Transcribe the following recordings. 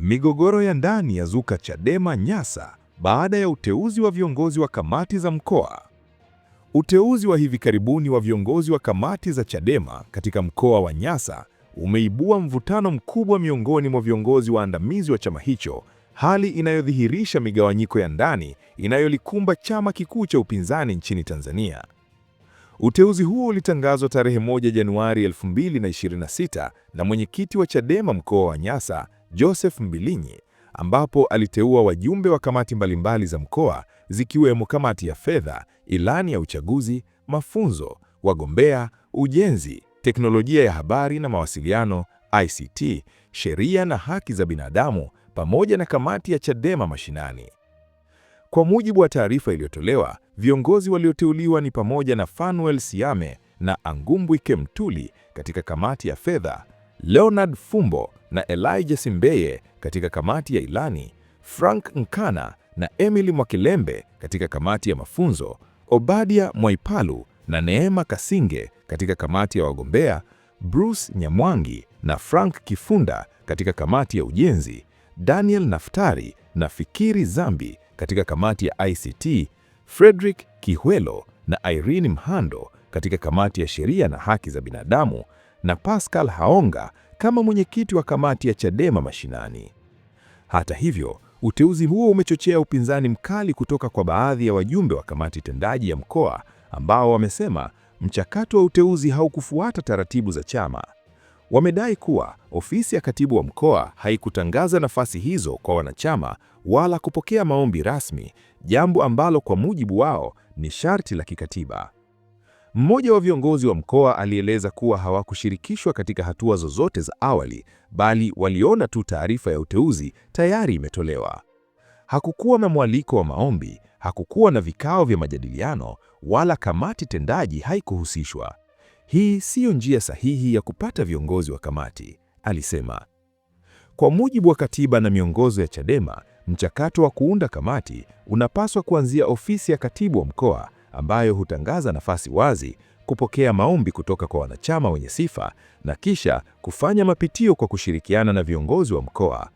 Migogoro ya ndani yazuka Chadema Nyasa baada ya uteuzi wa viongozi wa kamati za mkoa. Uteuzi wa hivi karibuni wa viongozi wa kamati za Chadema katika mkoa wa Nyasa umeibua mvutano mkubwa miongoni mwa viongozi waandamizi wa chama hicho, hali inayodhihirisha migawanyiko ya ndani inayolikumba chama kikuu cha upinzani nchini Tanzania. Uteuzi huo ulitangazwa tarehe 1 Januari 2026 na mwenyekiti wa Chadema mkoa wa Nyasa Joseph Mbilinyi, ambapo aliteua wajumbe wa kamati mbalimbali za mkoa zikiwemo kamati ya fedha, ilani ya uchaguzi, mafunzo, wagombea, ujenzi, teknolojia ya habari na mawasiliano, ICT, sheria na haki za binadamu, pamoja na kamati ya Chadema mashinani. Kwa mujibu wa taarifa iliyotolewa, viongozi walioteuliwa ni pamoja na Fanuel Siame na angumbwi kemtuli katika kamati ya fedha Leonard Fumbo na Elijah Simbeye katika kamati ya ilani, Frank Nkana na Emily Mwakilembe katika kamati ya mafunzo, Obadia Mwaipalu na Neema Kasinge katika kamati ya wagombea, Bruce Nyamwangi na Frank Kifunda katika kamati ya ujenzi, Daniel Naftari na Fikiri Zambi katika kamati ya ICT, Frederick Kihwelo na Irene Mhando katika kamati ya sheria na haki za binadamu na Pascal Haonga kama mwenyekiti wa kamati ya Chadema mashinani. Hata hivyo, uteuzi huo umechochea upinzani mkali kutoka kwa baadhi ya wajumbe wa kamati tendaji ya mkoa ambao wamesema mchakato wa uteuzi haukufuata taratibu za chama. Wamedai kuwa ofisi ya katibu wa mkoa haikutangaza nafasi hizo kwa wanachama wala kupokea maombi rasmi, jambo ambalo kwa mujibu wao ni sharti la kikatiba. Mmoja wa viongozi wa mkoa alieleza kuwa hawakushirikishwa katika hatua zozote za awali, bali waliona tu taarifa ya uteuzi tayari imetolewa. Hakukuwa na mwaliko wa maombi, hakukuwa na vikao vya majadiliano, wala kamati tendaji haikuhusishwa. Hii siyo njia sahihi ya kupata viongozi wa kamati, alisema. Kwa mujibu wa katiba na miongozo ya Chadema, mchakato wa kuunda kamati unapaswa kuanzia ofisi ya katibu wa mkoa ambayo hutangaza nafasi wazi, kupokea maombi kutoka kwa wanachama wenye sifa na kisha kufanya mapitio kwa kushirikiana na viongozi wa mkoa.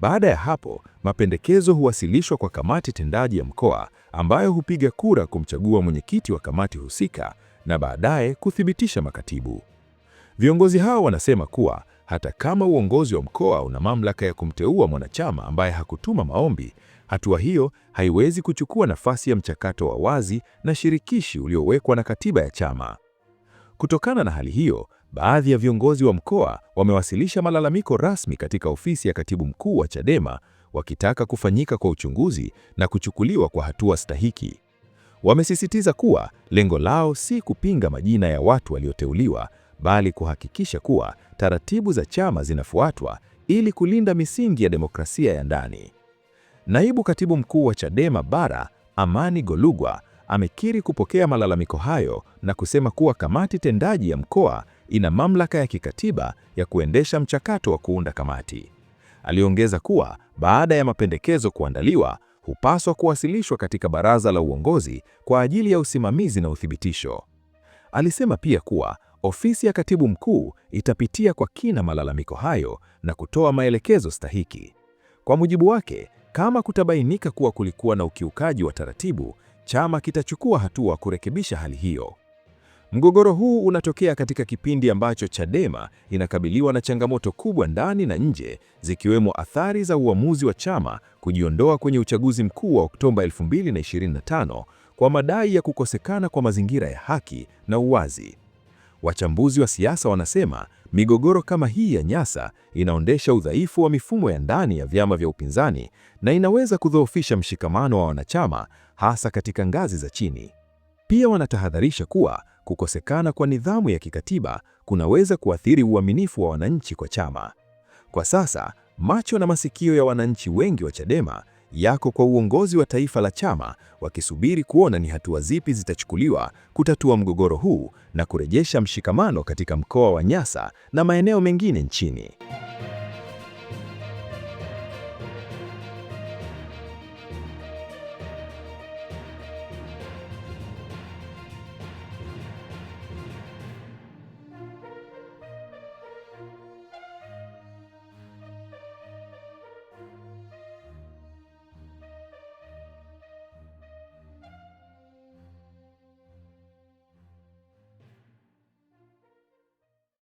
Baada ya hapo, mapendekezo huwasilishwa kwa kamati tendaji ya mkoa ambayo hupiga kura kumchagua mwenyekiti wa kamati husika na baadaye kuthibitisha makatibu. Viongozi hao wanasema kuwa hata kama uongozi wa mkoa una mamlaka ya kumteua mwanachama ambaye hakutuma maombi, Hatua hiyo haiwezi kuchukua nafasi ya mchakato wa wazi na shirikishi uliowekwa na katiba ya chama. Kutokana na hali hiyo, baadhi ya viongozi wa mkoa wamewasilisha malalamiko rasmi katika ofisi ya katibu mkuu wa Chadema wakitaka kufanyika kwa uchunguzi na kuchukuliwa kwa hatua stahiki. Wamesisitiza kuwa lengo lao si kupinga majina ya watu walioteuliwa, bali kuhakikisha kuwa taratibu za chama zinafuatwa ili kulinda misingi ya demokrasia ya ndani. Naibu Katibu Mkuu wa Chadema Bara, Amani Golugwa, amekiri kupokea malalamiko hayo na kusema kuwa kamati tendaji ya mkoa ina mamlaka ya kikatiba ya kuendesha mchakato wa kuunda kamati. Aliongeza kuwa baada ya mapendekezo kuandaliwa, hupaswa kuwasilishwa katika baraza la uongozi kwa ajili ya usimamizi na uthibitisho. Alisema pia kuwa ofisi ya Katibu Mkuu itapitia kwa kina malalamiko hayo na kutoa maelekezo stahiki. Kwa mujibu wake, kama kutabainika kuwa kulikuwa na ukiukaji wa taratibu, chama kitachukua hatua kurekebisha hali hiyo. Mgogoro huu unatokea katika kipindi ambacho Chadema inakabiliwa na changamoto kubwa ndani na nje, zikiwemo athari za uamuzi wa chama kujiondoa kwenye uchaguzi mkuu wa Oktoba 2025 kwa madai ya kukosekana kwa mazingira ya haki na uwazi. Wachambuzi wa siasa wanasema Migogoro kama hii ya Nyasa inaondesha udhaifu wa mifumo ya ndani ya vyama vya upinzani na inaweza kudhoofisha mshikamano wa wanachama hasa katika ngazi za chini. Pia wanatahadharisha kuwa kukosekana kwa nidhamu ya kikatiba kunaweza kuathiri uaminifu wa wananchi kwa chama. Kwa sasa, macho na masikio ya wananchi wengi wa Chadema yako kwa uongozi wa taifa la chama, wakisubiri kuona ni hatua zipi zitachukuliwa kutatua mgogoro huu na kurejesha mshikamano katika mkoa wa Nyasa na maeneo mengine nchini.